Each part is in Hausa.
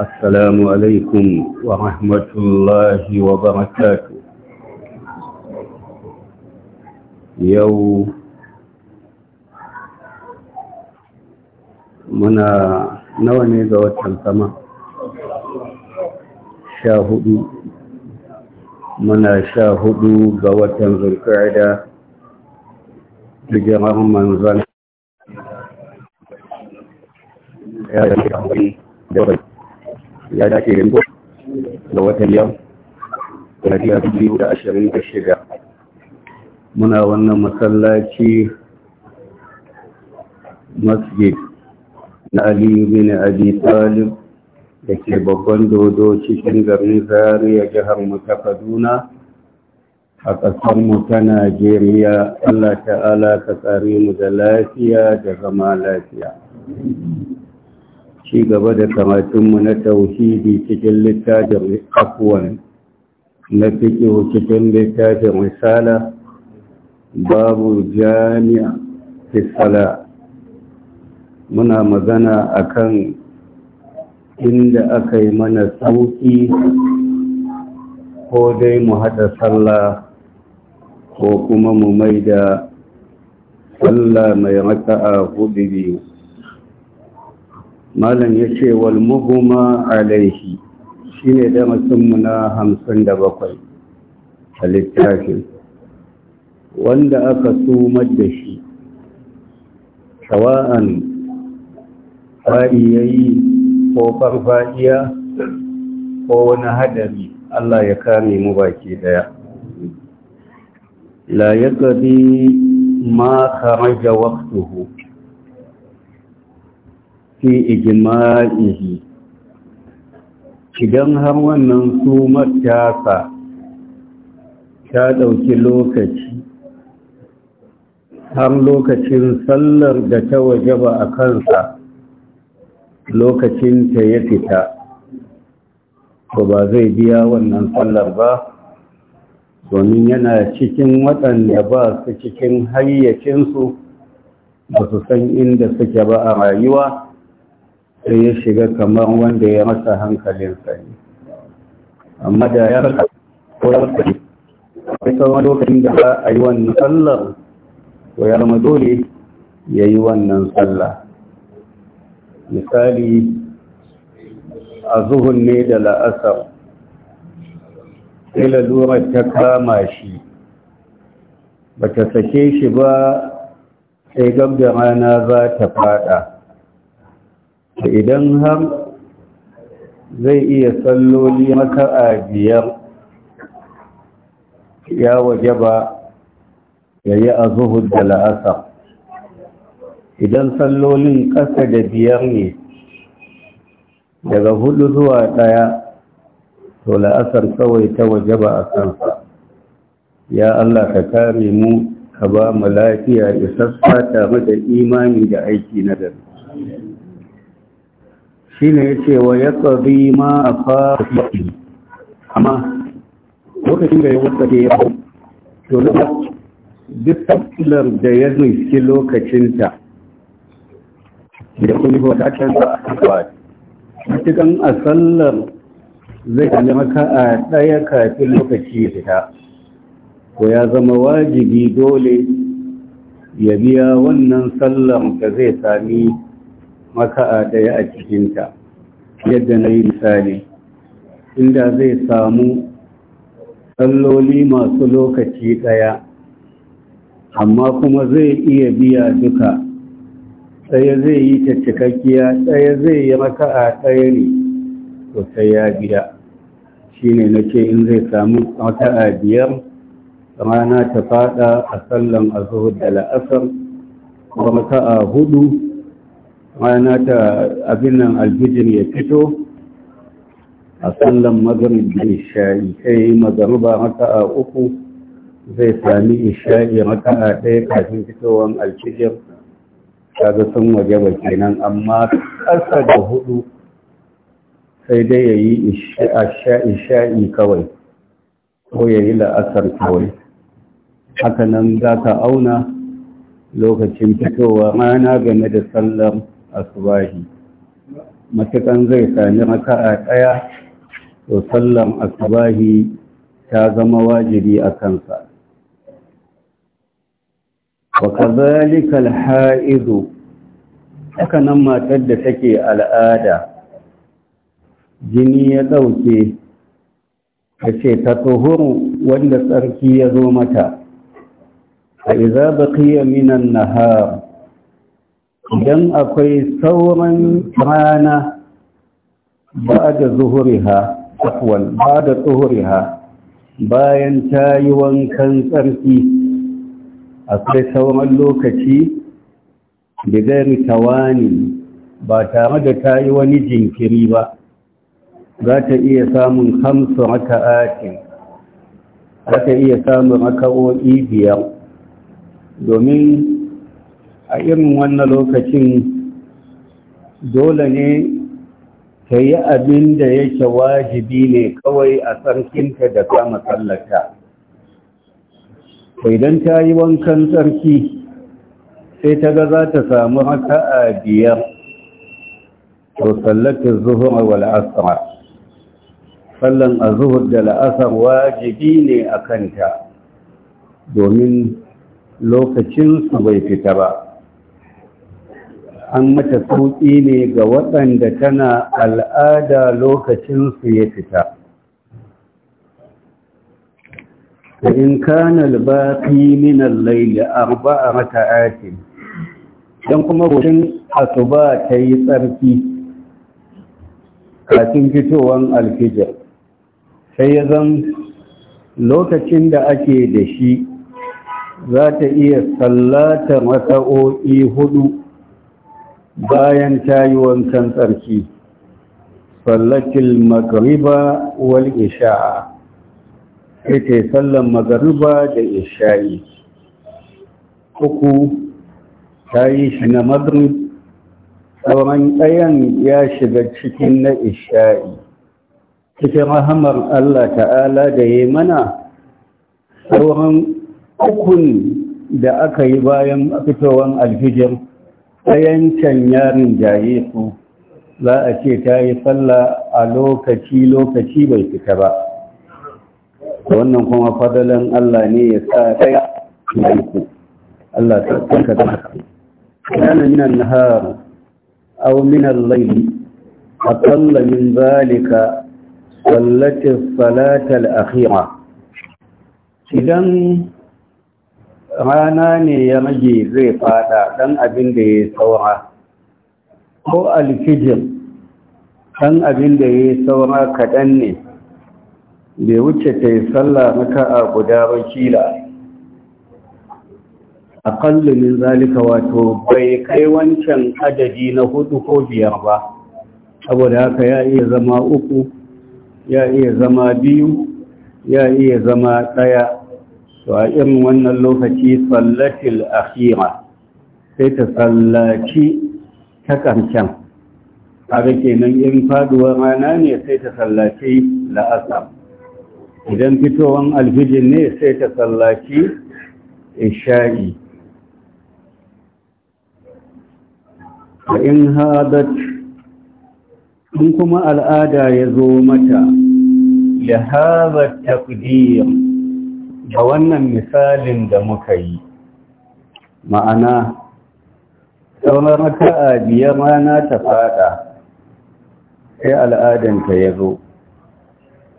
السلام عليكم ورحمة الله وبركاته يو منا نواني قوة السماء شاهد منا شاهدوا قوة ذو القعدة بجرم منزل يا رب ya dace da riko watan yau da biya biyu da ashirin da shida muna wannan masallaci masjid na aliyu bin abi talib da ke babban dodo cikin garin zariya jihar ta kaduna a ƙasar mu ta najeriya allah ta'ala ka tsare mu da lafiya da zama lafiya ci gaba da kamatunmu na tauhidi cikin littafin afuwan na fikihu cikin littafin risala babu jami'a Sala. muna magana akan inda aka yi mana sauƙi, ko dai mu haɗa sallah ko kuma mu mai da sallah mai raka'a hudu biyu malam ya ce wal muhuma alaihi shine da mutum na hamsin da bakwai a littafin wanda aka sumar da shi shawa'an fa'iyayi ko farfa'iya ko wani hadari Allah ya kame mu baki daya la yaqdi ma kharaja waqtuhu fi ijma'ihi idan har wannan sumar matasa ta ɗauki lokaci har lokacin sallar da ta waje ba a kansa lokacin ta ya fita to ba zai biya wannan sallar ba domin yana cikin waɗanda ba su cikin hayyacinsu ba su san inda suke ba a rayuwa sai ya shiga kamar wanda ya masa hankalin sani amma da ya raka ko ya ne sai sauran lokacin da za a yi wannan sallar ko ya rama dole ya yi wannan sallah misali a zuhun ne da la'asar sai lalurar ta kama shi ba ta sake shi ba sai gab da rana za ta fada idan har zai iya salloli maka'a biyar ya waje ba ya yi a zuhud da la'asa idan sallolin ƙasa da biyar ne daga hudu zuwa ɗaya to la'asar kawai ta waje ba a kansa ya Allah ka kare mu ka ba mu lafiya isassa tare da imani da aiki na dare shi ne ya ce wa ya tsari ma a fara amma lokacin da ya wata ke yau to duk tattalar da ya nufi lokacinta da kuma yi wata can sa a kasuwa cikin asallar zai kalli maka a ɗaya kafin lokaci ya fita ko ya zama wajibi dole ya biya wannan sallar da zai sami maka'a ɗaya a cikinta yadda na yi misali inda zai samu tsalloli masu lokaci ɗaya amma kuma zai iya biya duka ɗaya zai yi ta cikakkiya ɗaya zai yi maka'a ɗaya ne to sai ya biya shi ne na ce in zai samu maka'a biyar rana ta fada a sallan azuhud da la'asar kuma maka'a hudu rana ta abin nan ya fito a sallan magarib da isha'i sai eh, magaruba a uku zai sami isha'i raka'a ɗaya kafin fitowar Ta ga sun waje ba kenan amma ƙasa da hudu sai dai ya yi isha'i kawai ko ya yi la'asar kawai hakanan za ka auna lokacin fitowa rana game da sallar asubahi matukan zai sami raka'a ɗaya to sallan asubahi ta zama wajibi a kansa wa kazalika alha'idu haka nan matar da take al'ada jini ya ɗauke kace ce ta tuhuru wanda tsarki ya zo mata a iza baqiya minan nahar idan akwai sauran rana ba da zuhuriha akwai ba da bayan ta yi wankan tsarki akwai sauran lokaci da zai tawani ba tare da ta yi wani jinkiri ba za ta iya samun hamsu raka'atin za ta iya samun raka'o'i biyar domin a irin wannan lokacin dole ne ka yi abin da yake wajibi ne kawai a tsarkinta da kama tsallaka idan ta yi wankan tsarki sai ta ga za ta samu haka a biyar to zuhun zuhur wa tsallon sallan zuhun da la'asar wajibi ne a kanta domin lokacinsu bai fita ba an mata sauƙi ne ga waɗanda tana al'ada lokacinsu ya fita. Da in kana albaƙi minan laili arba a mata'atin, don kuma rutun asuba ta yi tsarki kafin fitowar alfijar, sai ya zan lokacin da ake da shi za ta iya sallatar masa'o'i hudu. bayan ta yi wankan tsarki sallatul magariba wal isha'a ita sallan magariba da isha'i uku ta yi shi na madrid sauran ɗayan ya shiga cikin na isha'i cikin rahamar Allah ta'ala da ya mana sauran ukun da aka yi bayan fitowar alfijir ɗayancan yarin jaye su za a ce ta yi tsalla a lokaci-lokaci bai fita ba wannan kuma fadalan Allah ne ya sa ɗaya ku Allah ta tsaka ta kana min an-nahar aw min al-layl aqalla min zalika tsallacin as akhira idan rana ne ya rage zai fada sadaka ɗan abin da ya saura ko alfijir ɗan abin da ya saura kaɗan ne bai wuce ta yi sallah maka a guda ba kila a min zalika wato bai kai wancan adadi na hudu ko biyar ba saboda haka ya iya zama uku ya iya zama biyu ya iya zama ɗaya to a irin wannan lokaci tsallatil akhira sai ta sallaci ta ƙarshen kaga kenan irin faduwar rana ne sai ta sallaci la'asar idan fitowar alfijin ne sai ta sallaci isha'i wa in hadat in kuma al'ada ya zo mata lihabar takdir da wannan misalin da muka yi ma'ana sauran raka'a biyar rana ta fada sai al'adanta ya zo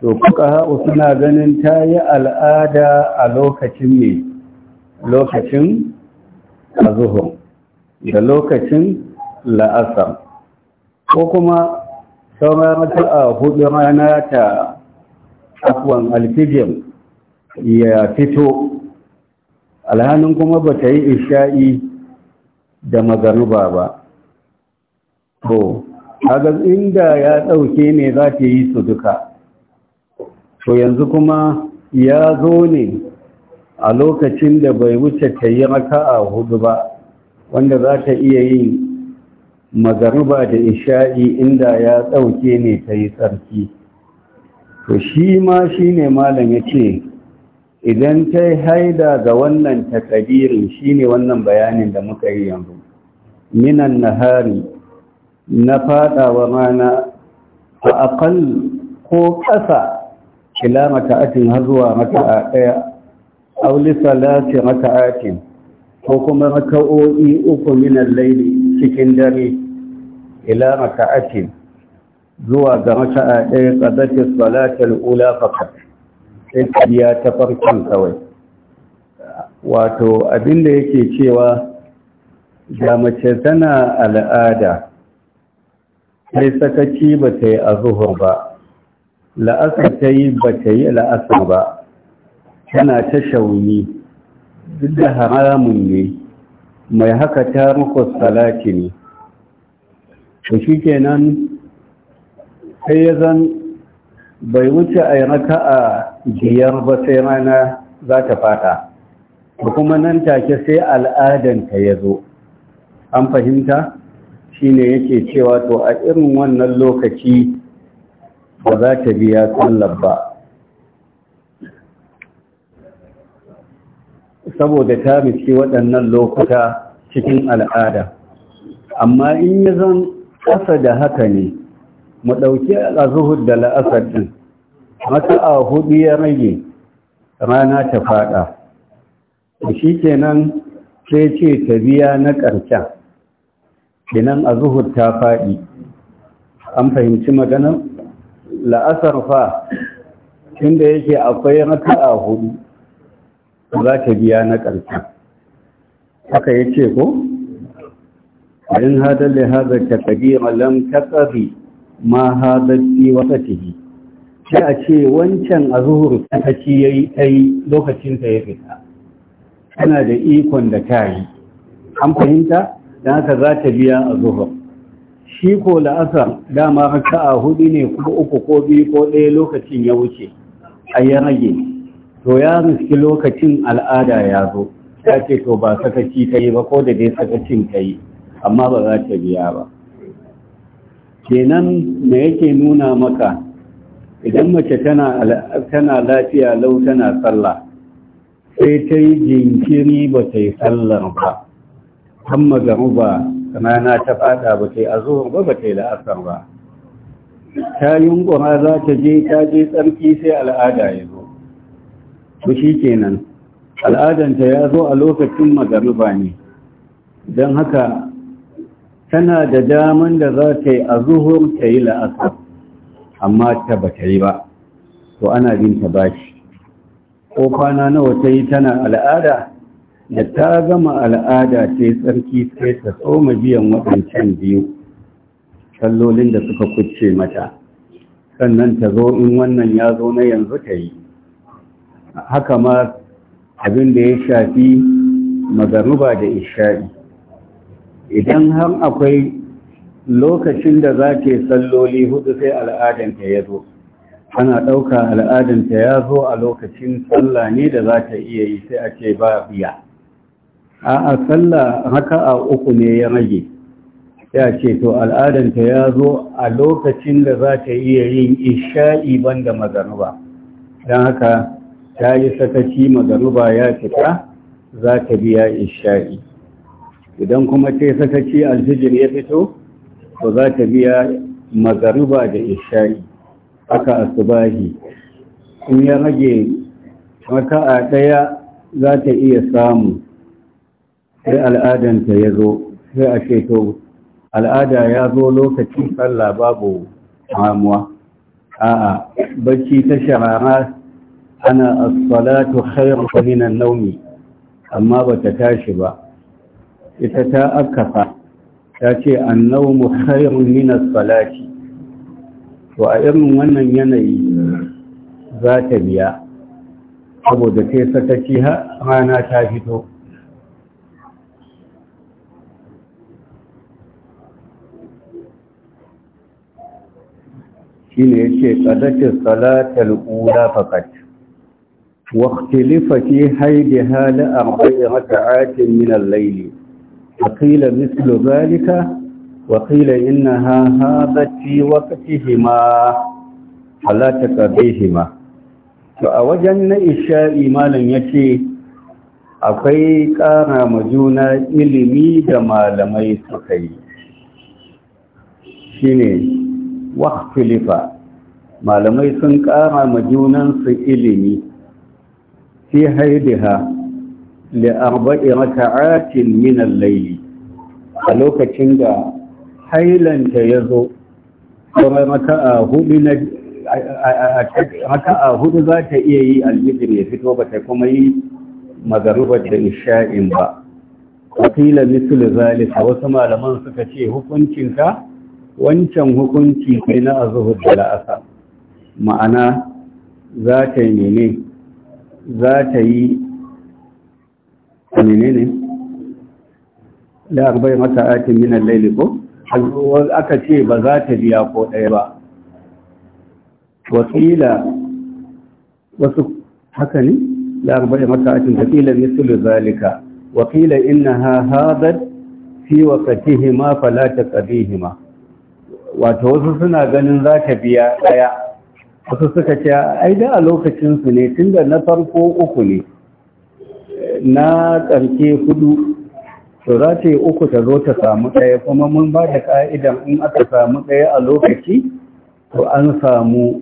to kuka haɓu suna ganin ta yi al'ada a lokacin ne lokacin a da lokacin la'asar ko kuma raka a hudu rana ta afuwan alfijin ya fito alhannun kuma ba ta yi isha'i da magaruba ba to ga inda ya ɗauke ne za ta yi su duka to yanzu kuma ya zo ne a lokacin da bai wuce ta yi a hudu ba wanda za ta iya yin magaruba da isha'i inda ya ɗauke ne ta yi tsarki to shi ma shi ne malam ya ce idan ta haida ga wannan takadirin shine wannan bayanin da muka yi yanzu minan nahari na wa mana a aqal ko ƙasa ila mata'atin har zuwa mata'a ɗaya aw li salati mata'atin ko kuma mata'o'i uku minan laili cikin dare ila mata'atin zuwa ga mata'a ɗaya qadati salatil ula faqat sai ta farkon kawai wato abinda yake cewa da mace tana al'ada sai sakaci ba ta yi a zuhur ba la'asar ta yi ba ta yi la'asar ba tana ta shauni duk da haramun ne mai haka ta muku salati ne shi kenan sai ya zan bai wuce a yi raka'a biyar ba sai rana za ta fata kuma nan take sai al'adanta ya zo an fahimta shi ne yake cewa to a irin wannan lokaci ba za ta biya sallar ba saboda ta mace waɗannan lokuta cikin al'ada amma in yi zan ƙasa da haka ne mu ɗauki azuhud da la'asar ɗin a hudu ya rage rana ta faɗa shi ke nan sai ce ta biya na ƙarshen kenan azuhud ta faɗi an fahimci maganar la'asar fa inda yake akwai raka'a hudu za ta biya na ƙarshen haka ya ce ko in hada da ta lam ta ƙari ma hadatti fatihi sai a ce wancan a zuhur sakaci yayi kai lokacin ta ya fita Kana da ikon da ta yi an fahimta dan haka za ta biya a zuhur shi ko la'asar dama raka'a hudu ne ko uku ko biyu ko ɗaya lokacin ya wuce a ya rage to ya riski lokacin al'ada ya zo ta ce to ba sakaci ta yi ba ko da dai sakacin ta yi amma ba za ta biya ba kenan me yake nuna maka idan mace tana lafiya lau tana sallah sai ta yi jinkiri ba ta yi sallar ba kan magaru ba na ta fada ba ta yi azuhar ba ba ta yi la'asar ba ta yi yunkura za ta je ta je tsarki sai al'ada ya zo to shi kenan al'adanta ya zo a lokacin magaruba ne don haka tana da daman da za ta yi a zuhur ta yi la'asar amma ta ba ta yi ba to ana bin ta bashi ko kwana nawa ta yi tana al'ada da ta gama al'ada ta yi tsarki sai ta tsoma biyan waɗancan biyu sallolin da suka kucce mata sannan ta zo in wannan ya zo na yanzu ta yi haka ma abin da ya shafi magaruba da isha'i idan har akwai lokacin da za ke salloli hudu sai al'adanta ya zo ana ɗauka al'adanta ya zo a lokacin sallah ne da za ta iya yi sai a ce ba biya a a sallah haka a uku ne ya rage ya ce to al'adanta ya zo a lokacin da za ta iya yin isha'i banda mazanuba, don haka ta yi sakaci mazanuba ya fita za ta biya isha'i idan kuma ce sakaci alfijir ya fito to za ta biya magariba da isha'i aka asubahi in ya rage a ɗaya za ta iya samu sai al'adanta ya zo sai a ce to al'ada ya zo lokacin sallah babu hamuwa a'a bacci ta shahara ana as-salatu khairu min an-nawmi amma bata tashi ba ita ta akafa ta ce mu khairun min as-salati to a irin wannan yanayi za ta biya saboda kai sakaci rana ta fito shine yace qadati salatal ula faqat واختلف في حيدها لأربع ركعات من الليل وقيل مثل ذلك وقيل إنها هذا في وقتهما فلا تقضيهما فأوجن إشاء مالا يشي akwai ƙara ma juna ilimi da malamai suka yi shi ne wakfilifa malamai sun ƙara ma junansu ilimi fi haidiha li'arba'i raka'atin min al-layli a lokacin da hailanta yazo kuma raka'a hudu na hudu za ta iya yi al-fitr ya fito ba ta kuma yi magarubar da ba wakila mislu zalika wasu malaman suka ce hukuncin ka wancan hukunci kai na azuhur da la'asa ma'ana za ta yi ne za ta yi menene la arba'i mata atin min al-layli ko aka ce ba za ta biya ko ɗaya ba wasila wasu haka ne la arba'i mata atin wakila mislu zalika wakila innaha hadat fi waqtihima fala hima. wato wasu suna ganin za ta biya ɗaya wasu suka ce ai da a lokacinsu ne tun da na farko uku ne na ƙarke hudu to za ta yi uku ta zo ta samu ɗaya kuma mun ba da ƙa'idan in aka samu ɗaya a lokaci to an samu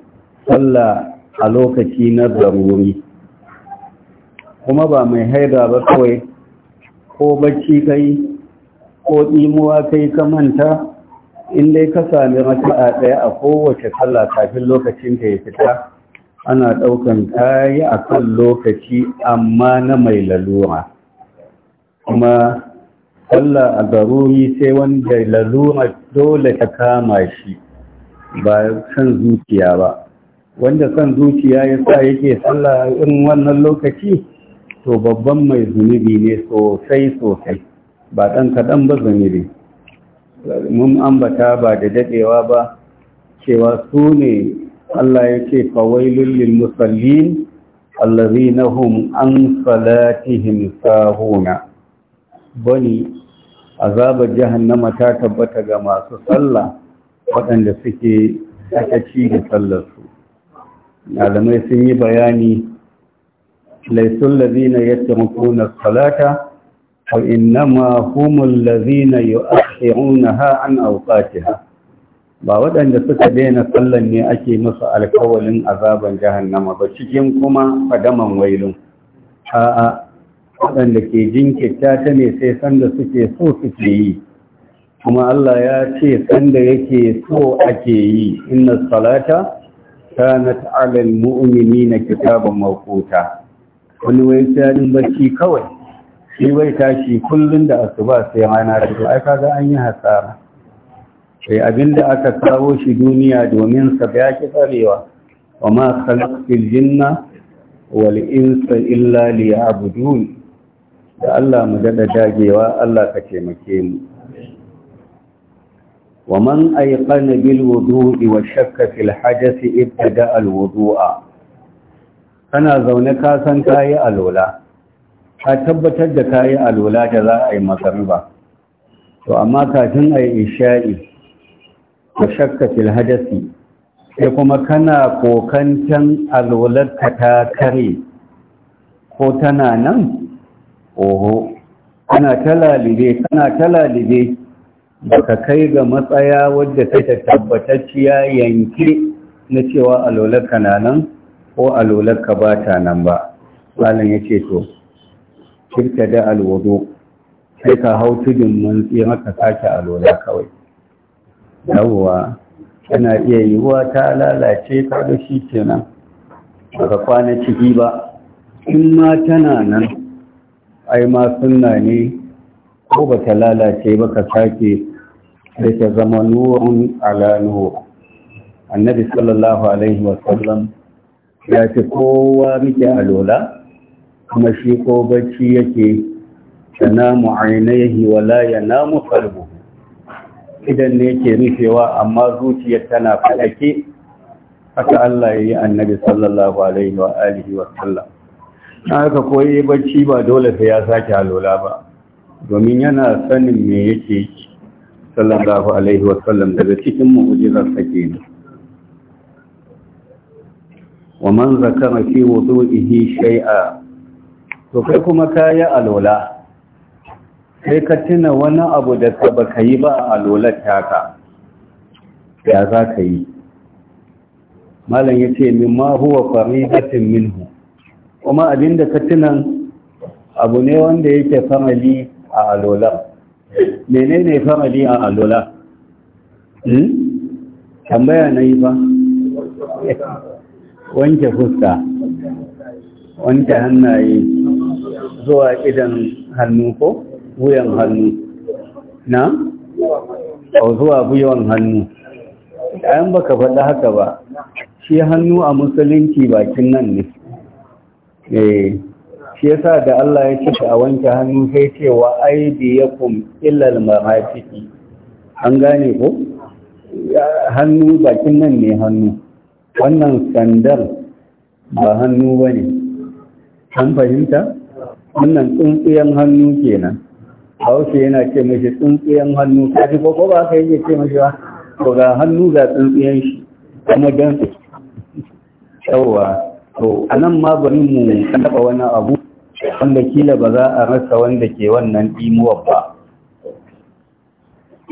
sallah a lokaci na zaruri kuma ba mai haida ba kawai ko bacci kai ko ɗimuwa kai ka manta in dai ka sami a ɗaya a kowace sallah kafin lokacin da ya fita ana ɗaukan kayi a kan lokaci amma na mai lalura kuma sallah a garuri sai wanda lalura dole ta kama shi ba san zuciya ba wanda san zuciya ya sa yake sallah in wannan lokaci to babban mai zunubi ne sosai sosai ba ɗan kaɗan ba zunubi mun ambata ba da daɗewa ba cewa su ne Allah ya ce fawailun lil musallin allazina hum an salatihim sahuna bani jihan jahannama ta tabbata ga masu sallah waɗanda suke sakaci da sallarsu malamai sun yi bayani laisun lazina yadda mutunar salata wa innama humul lazina yu'akhiruna ha an auqatiha ba waɗanda suka daina sallan ne ake musu alkawalin azaban jahannama ba cikin kuma fadaman wailun a'a waɗanda ke jinkirta ta ne sai sanda suke so suke yi kuma Allah ya ce sanda yake so ake yi inna salata kanat alal na kitaban makota wani wai tsarin barci kawai shi wai tashi kullum da asuba sai rana da ai kaga an yi hasara sai da aka kawo shi duniya domin sa ya ki tsarewa wa ma khalaqtil jinna wal insa illa liya'budun da Allah mu dada dagewa Allah ka taimake mu wa man ayqana bil wudu'i wa shakka fil hadathi ibtada al wudu'a kana zaune ka san kayi alwala ka tabbatar da kayi alwala da za a yi magariba to amma kafin ayi isha'i Ka shakka fil hadasi sai kuma kana kokantan alwalarka ta kare ko tana nan oho kana talalibe kana talalibe baka kai ga matsaya wadda take tabbatacciya yanke na cewa alolarka na nan ko alwalarka ba ta nan ba malam yace to Kirka da alwudu sai ka hau tudun mun tsira ka sake alwala kawai yawwa tana iya yiwuwa ta lalace ta da shi kenan daga kwana ciki ba in ma tana nan ai ma sunna ne ko ba ta lalace ba ka sake da ta zama nurin ala annabi sallallahu alaihi wasallam ya ce kowa muke alola kuma shi ko bacci yake ta namu ainihi wala ya namu kalbu idan ne ke rufewa amma zuciyar tana fadake haka Allah ya yi annabi sallallahu alaihi wa alihi wa sallam haka koyi bacci ba dole sai ya sake halola ba domin yana sanin me yake sallallahu alaihi wa sallam daga cikin mu'jizar sake ne wa man zakara fi wudu'ihi shay'a to kai kuma kayi alola sai ka tuna wani abu da ka baka yi ba a lolar ka ya za ka yi malam ya ce min ma huwa faridatin minhu kuma abinda ka tuna abu ne wanda yake famali a alola menene famali a alola hmm? tambaya na yi ba wanke fuska wanke hannaye zuwa idan hannu ko wuyan hannu na? a zuwa wuyan hannu ɗayan baka faɗi haka ba shi hannu a musulunci bakin nan ne eh, shi ya sa da Allah ya ce a wanke hannu sai ce wa aidiyakum illal marafiki an gane ko hannu bakin nan ne hannu wannan sandar ba hannu ba ne an fahimta wannan tsuntsuyen hannu kenan hausa yana ce mashi tsuntsiyan hannu ta ko koko ba ka yi ce mashi ba ko ga hannu ga tsuntsiyan shi kuma don to anan ma bari mu taɓa wani abu wanda kila ba za a rasa wanda ke wannan imuwa ba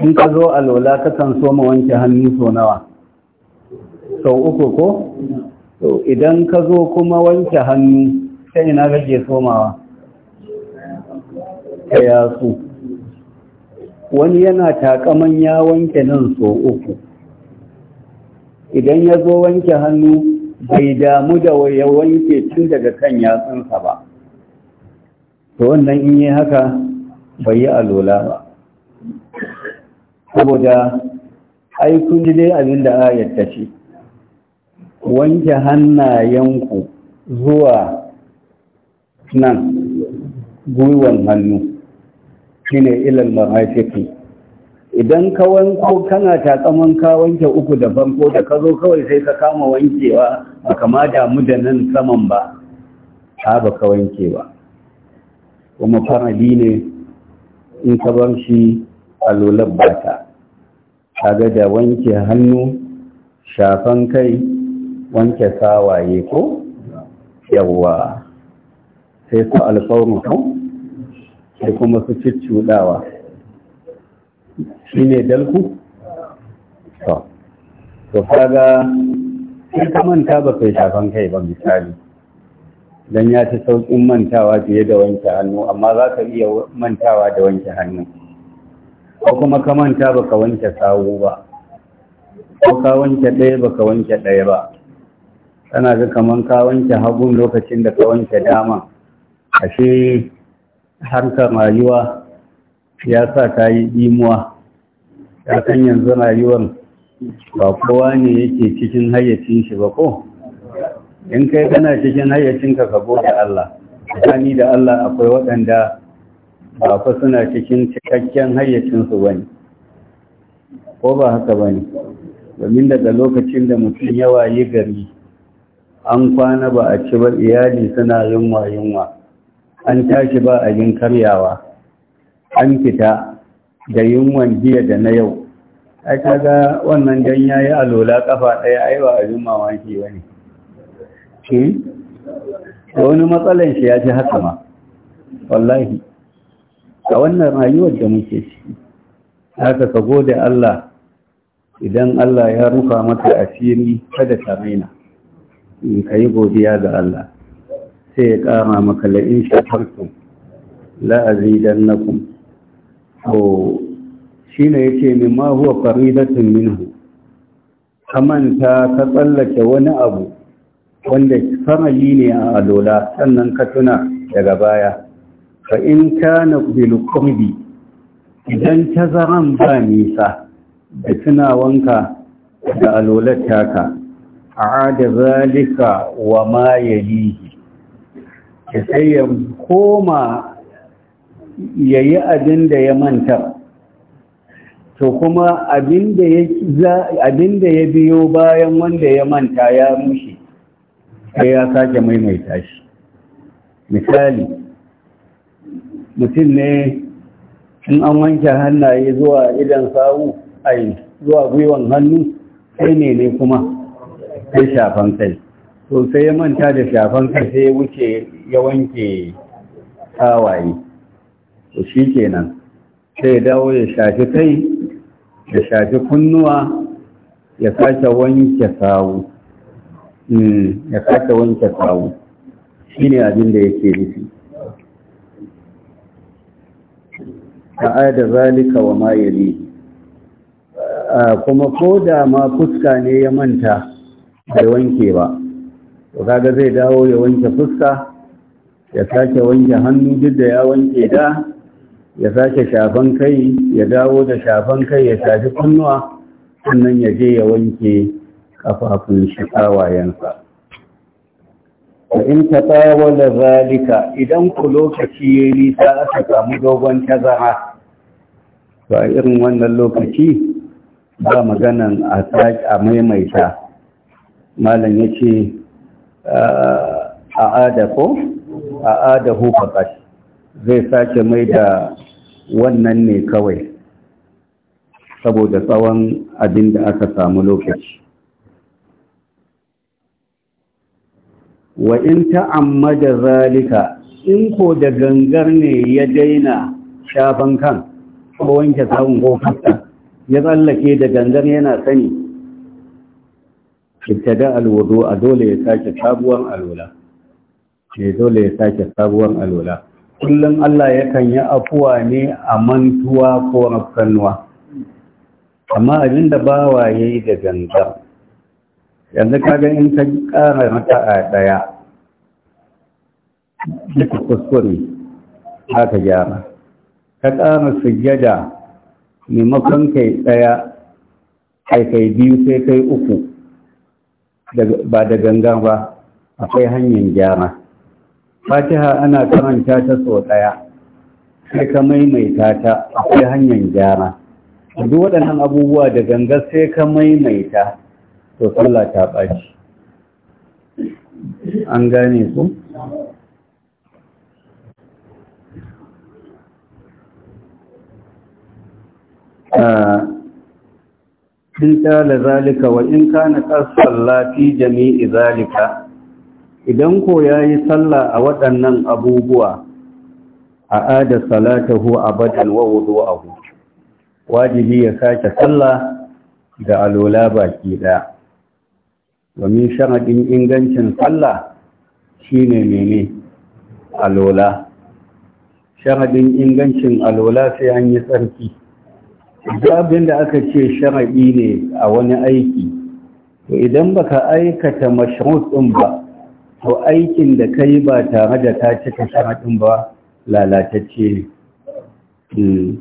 in ka zo alwala ka kan so ma wanke hannu so nawa sau uku ko idan ka zo kuma wanke hannu sai ina rage somawa ta yasu wani yana takaman ya wanke nan so uku idan ya zo wanke hannu bai damu da ya wanke tun daga kan yatsunsa ba to wannan in yi haka bai yi alola ba saboda ai kun ji dai abin da ayat ta ce wanke hannayenku zuwa nan gwiwan hannu shine ilal marafiqi idan ka wanko kana takaman ka wanke uku da banko da ka zo kawai sai ka kama wankewa ba kama damu da nan saman ba ha ba ka wanke kuma farali ne in ka bar shi a lular bata kaga da wanke hannu shafan kai wanke sawaye ko yawwa sai su alfawar mutum da kuma su ciccuɗawa shi ne dalku? to kaga sai ka manta ba kai shafan kai ba misali don ya ci sauƙin mantawa fiye da wanke hannu amma za ka iya mantawa da wanke hannu ko kuma ka manta ba ka wanke sawu ba ko ka wanke ɗaya ba ka wanke ɗaya ba kana ga kamar ka wanke hagun lokacin da ka wanke dama ashe harkar rayuwa ya sa ta yi imuwa ya san yanzu rayuwar ba kowa ne yake cikin hayyacin shi ba ko in kai kana cikin hayyacinka ka goge Allah gani da Allah akwai waɗanda ba fa suna cikin cikakken hayyacinsu ba ne ko ba haka ba ne domin daga lokacin da mutum ya waye gari an kwana ba a ci ba iyali suna yunwa yunwa an tashi ba a yin karyawa an fita da yunwan jiya da na yau ai kaga wannan ya yi alola kafa ɗaya yi ba abin mamaki bane shi hmm? wani matsalan shi ya ji haka ma wallahi a wannan rayuwar da muke ciki haka ka gode Allah idan Allah ya rufa maka asiri kada ka raina hmm, ka yi godiya ga Allah sai ya ƙara maka la'in na la'azidannakum to shi ne yake ma huwa faridatun minhu kamanta ka tsallake wani abu wanda farali ne a alola sannan ka tuna daga baya Ka in na bil qurbi idan ta zaran ba nisa da tunawanka da alolar taka a'ada zalika wa ma yalihi sai ya koma ya yi abin da ya manta to kuma abin da ya biyo bayan wanda ya manta ya mushe sai ya sake maimaita shi misali mutum ne in an wanke hannaye zuwa idan sawu yi zuwa gwiwan hannu sai ne ne kuma sai shafan kai Sosai ya manta da shafan kai sai ya wuce ya wanke tawaye to shi kenan sai ya dawo ya shafi kai ya shafi kunnuwa ya sake wanke sawu hmm, ya sake wanke sawu shi ne abin da yake nufi aida zalika wa ma ah, kuma ko da ma fuska ne ya manta bai wanke ba to kaga zai dawo ya wanke fuska ya sake wanke hannu duk da ya wanke da ya sake shafan kai ya dawo da shafan kai ya shafi kunnuwa sannan ya je ya wanke kafafun shi kawayensa wa in tatawala zalika idan ku lokaci ya yi nisa aka samu dogon tazara ba irin wannan lokaci ba maganan a a maimaita malam yace A ada hu faqat zai sake mai da wannan ne kawai saboda tsawon abin da aka samu lokaci wa in ta'ammada zalika in ko da gangar ne ya daina shafan kan ko wanke tsawon ko fuska ya tsallake da gangar yana sani ibtada alwudu a dole ya dole ya sake sabuwar alwala kullum Allah yakan yi afuwa ne a mantuwa ko rafkanuwa amma abin da bawa ya yi da gangan yanzu kaga in ka ƙara a ɗaya duka kuskure za ka gyara ka ƙara sujjada maimakon kai ɗaya kai kai biyu sai kai uku ba da ganga ba akwai hanyar gyara fatiha ana karanta ta sau ɗaya sai ka maimaita ta akwai hanyar gyara duk waɗannan abubuwa da ganga sai ka maimaita to sallah ta ɓaci an gane su in ƙyala zalika wa in kana ƙasalla fi jami'i zalika idan ko ya yi sallah a waɗannan abubuwa a ada salatahu abadan wa a wudu'ahu wajibi ya sake sallah da alola baki ɗaya domin sharaɗin ingancin sallah ne mene alola sharaɗin ingancin alola sai an yi tsarki abin da aka ce sharaɗi ne a wani aiki to idan baka aikata mashrut ɗin ba to aikin da ka ba tare da ta cika shara'in ba lalatacce ne hmm.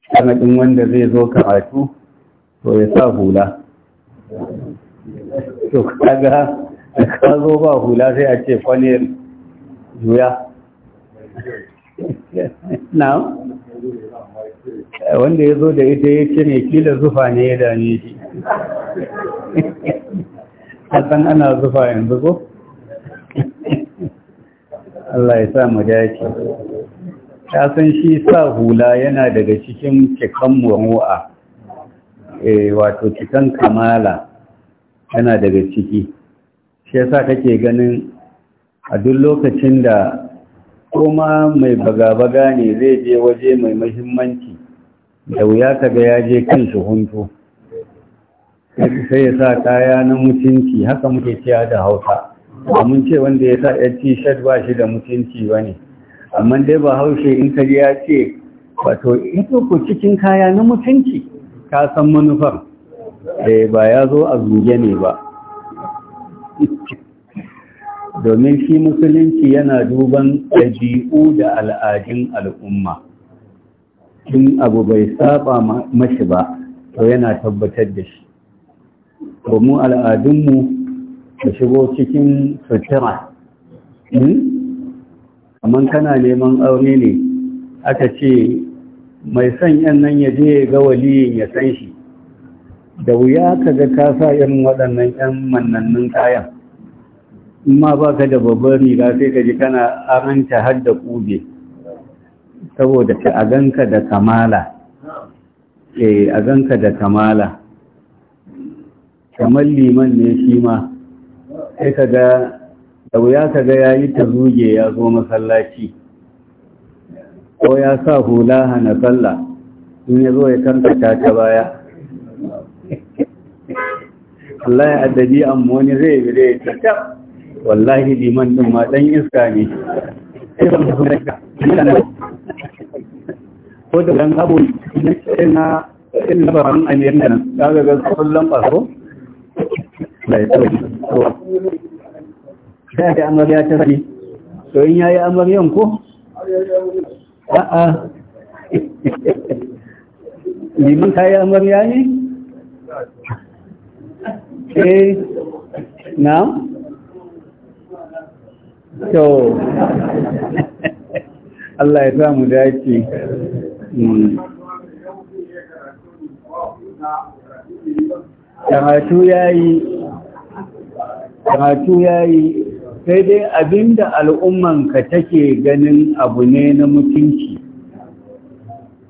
shara'in wanda zai zo karatu to ya sa hula to kaga da ka zo ba hula sai a ce kwanir juya na'am wanda ya zo da ita ya ce ne kila zufa ne ya dane shi san ana zufa yanzu ko Allah ya sa mu dace ta san shi sa hula yana daga cikin cikan muru'a eh, wato cikan kamala yana daga ciki shi sa kake ganin a duk lokacin da kuma mai baga-baga ne zai je waje mai mahimmanci da wuya ta ga ya je kan su hunto sai ya sa kaya na mutunci haka muke ciya da hausa mun ce wanda ya sa 'yar t-shirt ba shi da mutunci ba ne amma dai ba haushe in ka ya ce wato to ku cikin kaya na mutunci ka san manufar eh, ba ya zo a zuge ne ba domin shi musulunci yana duban ɗabi'u da al'adun al'umma in abu bai saba mashi ba to yana tabbatar da shi domin al'adunmu da shigo cikin sutura hmm? kamar kana neman aure ne aka ce mai son yan nan ya je ga waliyin ya san shi da wuya ka ga kasa irin waɗannan yan mannannin kayan ma ba ka da babban riga sai ka ji kana aranta har da kube saboda ka a ganka da kamala eh a ganka da kamala kamar liman ne shi ma sai ka ga da wuya ka ga yayi ta zuge ya zo masallaci ko ya sa hula hana sallah in ya zo ya kankata ta baya Allah ya addabi amma wani zai zai ta wallahi liman din ma dan iska ne ko da ran abu na in na baran ne nan kaga ga kullum baso dai to da da amarya ta sani to in yayi amaryan ko a'a liman kai amarya ne eh na'am to Allah ya samu dace hmm. karatu yayi karatu sai dai abinda al'ummanka take ganin abu ne na mutunci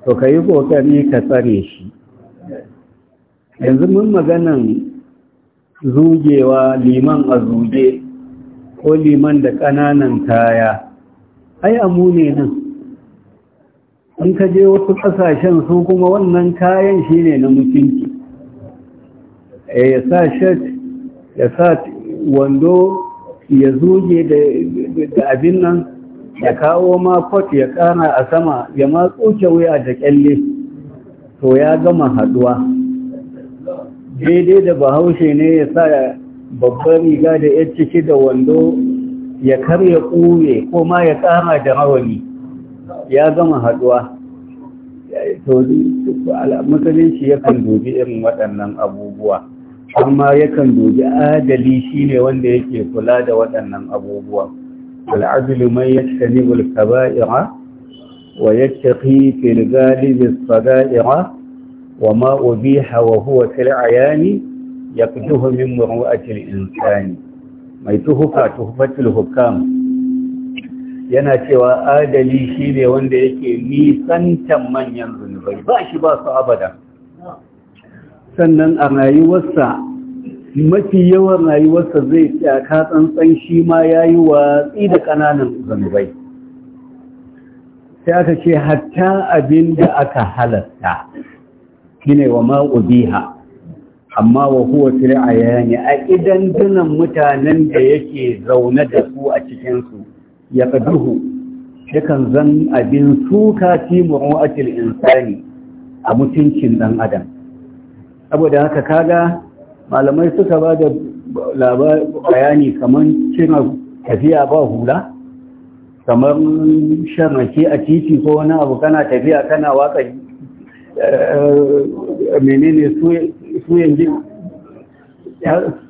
to ka yi kokari ka tsare shi yanzu mun maganan zugewa liman a zuge ko liman da ƙananan kaya ai amu ne nan in ka je wasu ƙasashen su kuma wannan kayan shi ne na mutunci eh, ya sa shirt ya sa wando ya zuge da abin nan ya kawo ma kot ya ƙara a sama ya ma tsoke wuya da ƙyalle to ya gama haɗuwa daidai da bahaushe ne ya sa babban riga da ya ciki da wando ya karya ƙure ko ma ya ƙara da rawani ya gama haɗuwa musulunci yakan dubi irin waɗannan abubuwa amma yakan dubi adali shi ne wanda yake kula da waɗannan abubuwa al'adul mai wulka ba'ira wa yattaki fi galibi sada'ira wa ma hawa wa huwa fil'ayani ayani ya fituhu min murwa'atil insani mai tuhufa tuhufatul hukam yana cewa adali shine wanda yake nisantan manyan zunubai ba shi ba su abada sannan a rayuwarsa mafi yawan rayuwarsa zai tsaka tsantsan shi ma ya yi watsi da ƙananan zunubai sai aka ce hatta abin da aka halatta shine wa ma'ubiha amma wa huwa a ayani a idan dunan mutanen da yake zaune da su a cikinsu, su ya qaduhu yakan zan abin suka fi mu'atil insani a mutuncin dan adam saboda haka kaga malamai suka ba da bayani kamar cin tafiya ba hula kamar shan rake a titi ko wani abu kana tafiya kana waka eh, menene su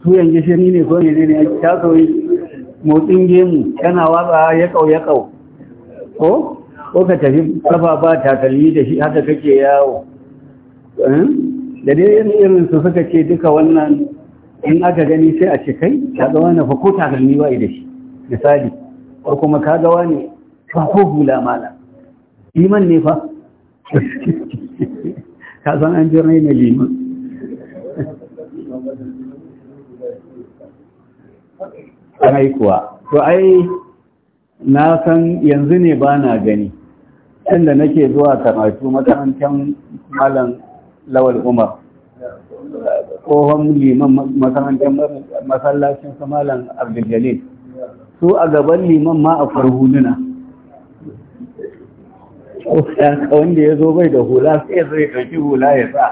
suyan gishiri ne ko ne ne ya soyi motsin gemu yana watsa ya kau ya kau ko ko ka tafi kafa ba takalmi da shi haka kake yawo hmm? da dai irin su suka ce duka wannan in aka gani sai a ce kai ka ga wani fa ko takalmi wa da shi misali ko kuma ka ga wani fa ko hula mala Iman ne fa ka san an jira ne liman ai kuwa to ai na san yanzu ne ba na gani inda nake zuwa karatu makarantar malam lawal umar tsohon liman makarantar masallacin malam abdul su a gaban liman ma a farhununa wanda ya zo bai da hula sai ya zai ɗauki hula ya sa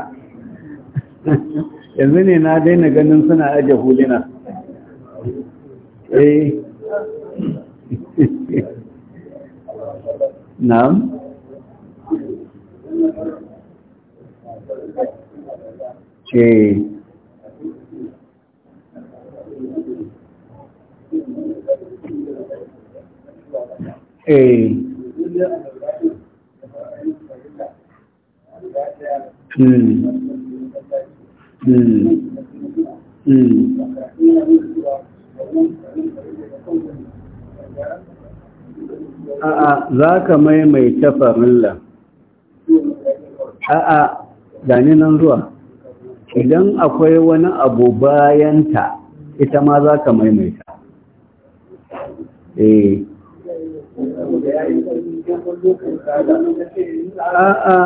yanzu ne na daina ganin suna aje hulina eh na'am ce eh Hmm. Hmm. Hmm. a'a za ka maimaita farilla a'a gani nan zuwa idan akwai wani abu bayanta ita ma za ka maimaita eh a'a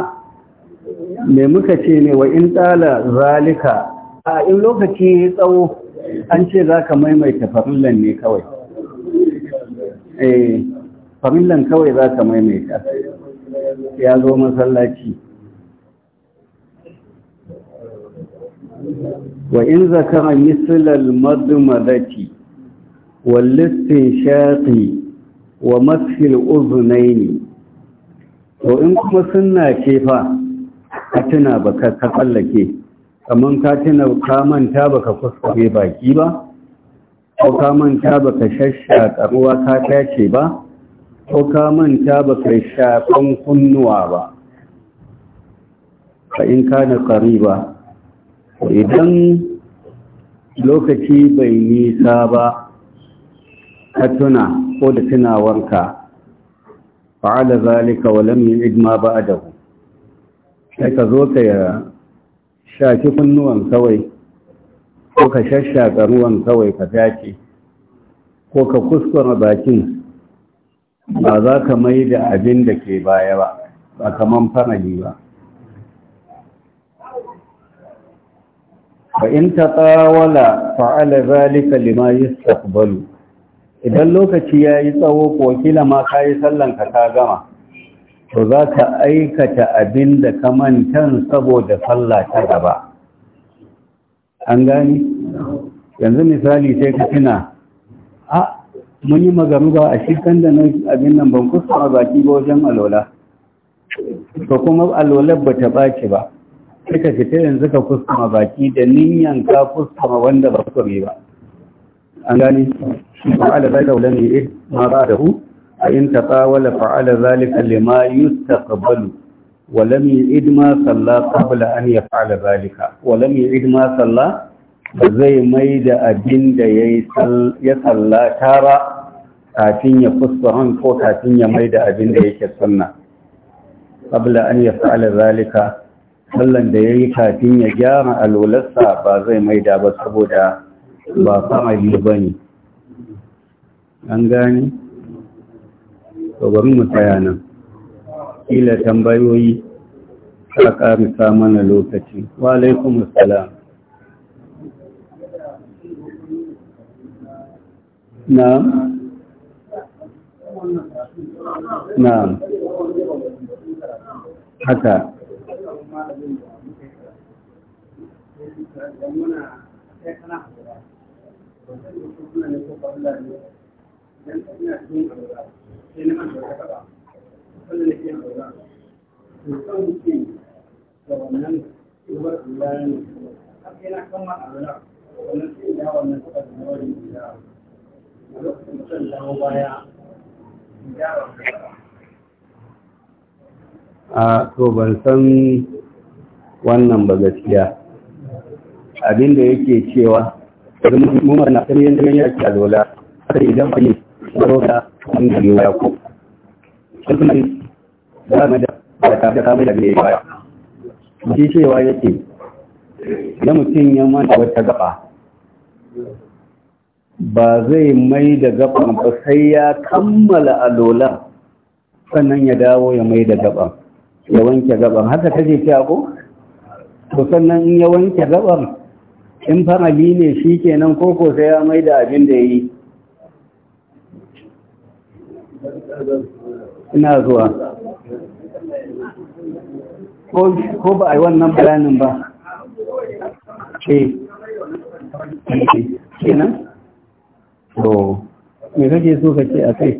me muka ce ne wa in tsala zalika a in lokaci tsawo an ce za ka maimaita farillan ne kawai eh farillan kawai za ka maimaita ya zo masallaci wa in ka mislal madmadati wal listinshaqi wa masfil uzunaini to in kuma sunna ce fa a tuna baka ka tsallake kamar ka tuna ka manta baka kuskure baki ba ko ka manta baka shashshaka ruwa ka tace ba ko ka manta baka shafan kunnuwa ba fa in kana qariba idan lokaci bai nisa ba ka tuna ko da tunawarka fa'ala zalika wa lam yu'id ma ba'dahu sai ka zo ka shafi kunnuwan kawai ko ka shashaka ruwan kawai ka tace ko ka kuskura bakin ba za ka mai da abin da ke baya ba ba kaman fanali ba fa in tsawala fa'ala zalika lima yastaqbalu idan lokaci ya yi tsawo ko kila ma ka sallan ka ta gama to za ka aikata abin da ka mantan saboda sallah ta gaba an gani yanzu misali sai ka tuna a mun yi magaruba a shirkan da na abin nan ban kusa a baki ba wajen alola to kuma alolar ba ta baki ba Sai ka fita yanzu ka kuskama baki da niyan ka kuskama wanda ba ku ba an gani shi ba ala bai da wulani eh ma ba da hu فإن تطاول فعل ذلك لما يستقبل ولم يعد ما صلى قبل أن يفعل ذلك ولم يعد ما صلى zai mai da abin da ya sallata ba kafin ya fuskuran ko kafin ya mai da abin da yake sunna abla an ya zalika sallan da ya yi kafin ya gyara alwalarsa ba zai mai ba saboda ba fa'ali ba an gani to bari mu tsaya nan kila tambayoyi ta karisa mana lokaci wa alaikum assalam na'am na'am haka Thank you. sai na an shaka kaba wanda da ke haura to kan mutum da wannan ruwan ruwa ne har sai na kama a rana wannan sai da wannan suka da wani da a lokacin mutum dawo baya gyara a to ban san wannan ba gaskiya abin da yake cewa mu mana kare yanda yake alwala sai idan ba ne roda wanda ne ya ko kullum za mu da ba ta da kamar da ne baya shi cewa yake na mutum ya manta wata gaba ba zai mai da gaban ba sai ya kammala alola sannan ya dawo ya mai da gaban ya wanke gaban haka kaje cewa ko to sannan in ya wanke gaban in farali ne shi kenan koko sai ya mai da abin da ya yi ina zuwa ko ba a yi wannan bayanin ba ce kenan? to me kake so ka ce a kai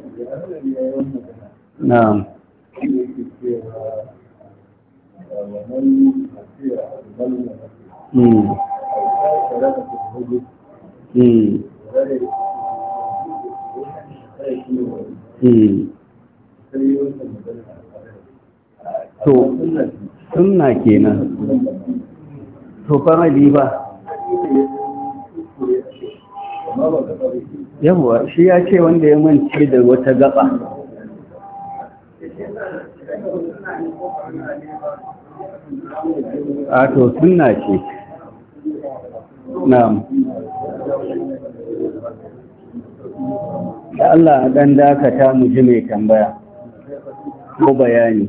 na Hmm. Mm. Eh. to suna kenan to farali ba yawwa shi ya ce wanda ya mance da wata gaba a to suna ce na'am da Allah dan dakata mu ji mai tambaya ko bayani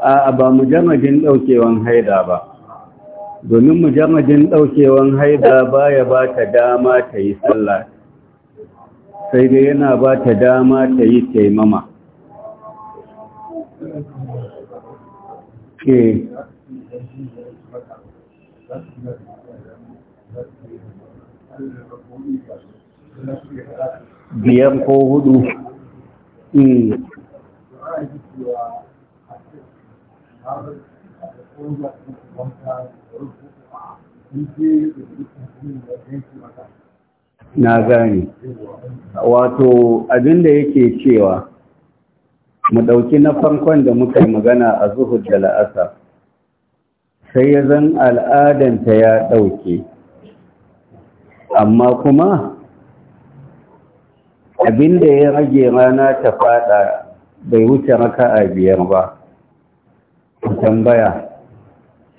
a ba mu mujamadin daukewan haida ba domin mu mujamadin daukewan haida baya ba ta dama ta yi sallah sai dai yana ba ta dama ta yi taimama eh. biyar ko hudu eh. na gane wato abinda yake cewa mu ɗauki na farkon da muka yi magana a zuhud da la'asa sai ya zan al'adanta ya ɗauke amma kuma abinda ya rage rana ta fada bai wuce raka a biyar ba tambaya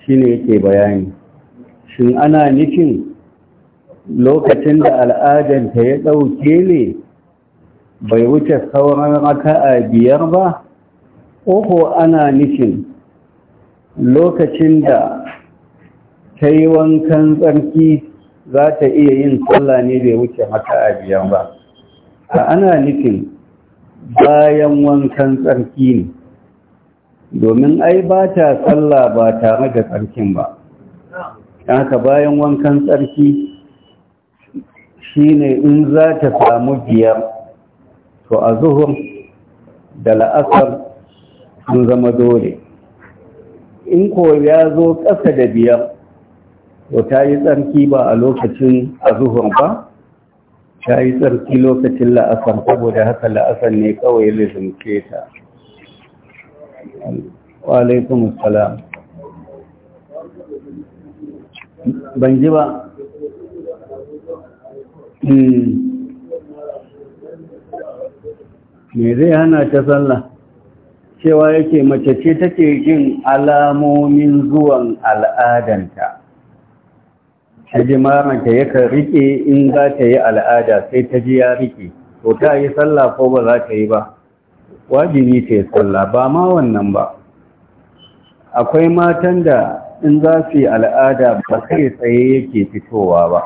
shine yake bayani shin ana nufin lokacin da al'adanta ya ɗauke ne bai wuce sauran raka a biyar ba ko ana nufin lokacin da ta yi wankan tsarki za ta iya yin tsalla ne bai wuce haka a biyan ba a ana nufin bayan wankan tsarki ne domin ai ba ta tsalla ba tare da tsarkin ba haka bayan wankan tsarki shi ne in za ta samu biyar to a zuhur da la'asar sun zama dole in ko ya zo ƙasa da biyar to ta yi tsarki ba a lokacin a ba ta yi tsarki lokacin la'asar saboda haka la'asar ne kawai lizin keta walaikun salam ban ji ba hmm. me zai hana ta sallah cewa yake mace ce take jin alamomin zuwan al'adanta ta ji maranta yakan rike in za ta yi al'ada sai ta ji ya rike to ta yi sallah ko ba za ta yi ba wajibi ta yi sallah ba ma wannan ba akwai matan da in za su yi al'ada ba kai tsaye yake fitowa ba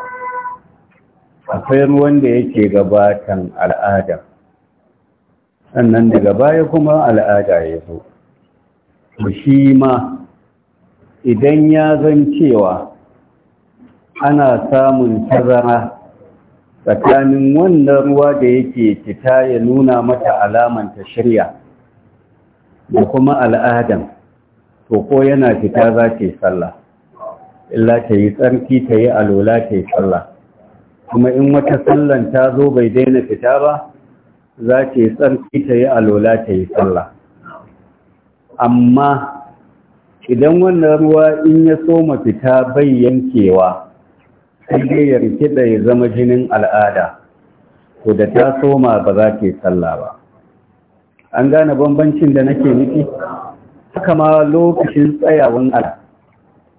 akwai ruwan da yake gabatan al'ada sannan daga baya kuma al'ada ya zo shi ma idan ya zan cewa ana samun tazara tsakanin wannan ruwa da yake fita ya nuna mata alamanta shirya da kuma al'adan to ko yana fita za ta yi sallah illa ta yi tsarki ta yi alola ta yi sallah kuma in wata sallan ta zo bai daina fita ba za ta yi tsarki ta yi alola ta yi sallah amma idan wannan ruwa in ya soma fita bai yankewa sai dai ya da ya zama jinin al'ada to da ta soma ba za ta yi sallah ba an gane bambancin da nake nufi haka ma lokacin tsayawan ala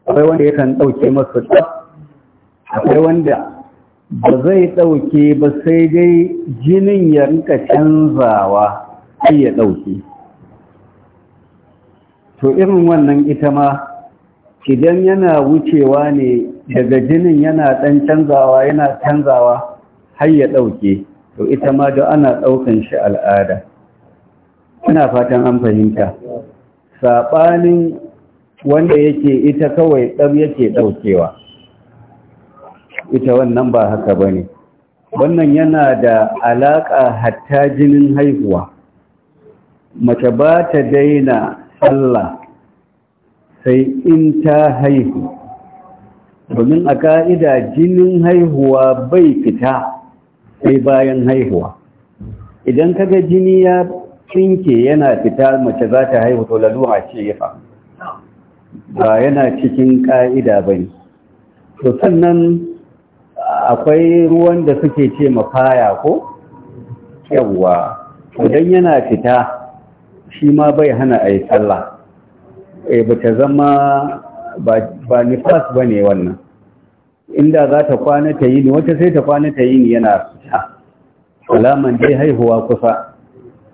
akwai wanda ya kan ɗauke masu tsaf akwai wanda ba zai ɗauke ba sai dai jinin ya rika canzawa sai ya ɗauke to irin wannan ita ma idan yana wucewa ne daga jinin yana ɗan canzawa yana canzawa har ya ɗauke to ita ma da ana ɗaukan shi al'ada ina fatan an fahimta saɓanin wanda yake ita kawai ɗan yake ɗaukewa ita wannan ba haka ba ne wannan yana da alaƙa hatta jinin haihuwa mace ba ta daina sallah sai in ta haihu domin a ka'ida jinin haihuwa bai fita sai bayan haihuwa idan kaga jini ya tsinke yana fita mace za ta haihu to lalura ce ya fa ba yana cikin ka'ida ba ne to sannan akwai ruwan da suke ce mafaya ko yawwa idan yana fita shi ma bai hana a yi sallah e ba ta zama ba nifas ba ne wannan inda za ta kwana ta yi ni wata sai ta kwana ta yi ni yana fita alaman dai haihuwa kusa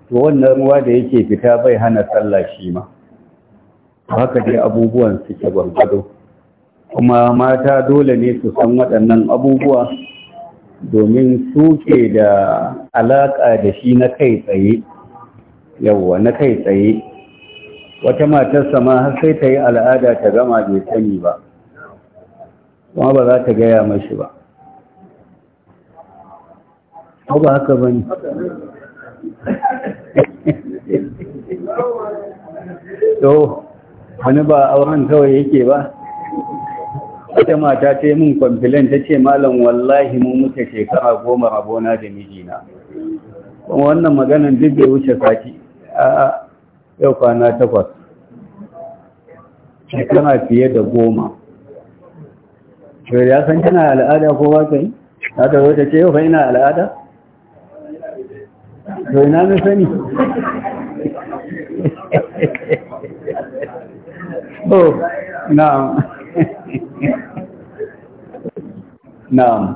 to wannan ruwa da yake fita bai hana sallah shi ma haka dai abubuwan suke gwargwado kuma mata dole ne su san waɗannan abubuwa domin su da alaƙa da shi na kai tsaye yawwa na kai tsaye wata matarsa ma har sai ta yi al'ada ta gama bai sani ba kuma ba za ta gaya mashi ba ko ba haka ba ne wani ba auren kawai yake ba wata mata ta yi min kwamfilin ta ce malam wallahi mu muka shekara goma rabona da mijina kuma wannan maganan duk bai wuce sati a yau kwana takwas shekara fiye da goma shirya ya san tana al'ada ko ba ka yi ta wata ce yau faina al'ada to ina na sani oh na'am na'am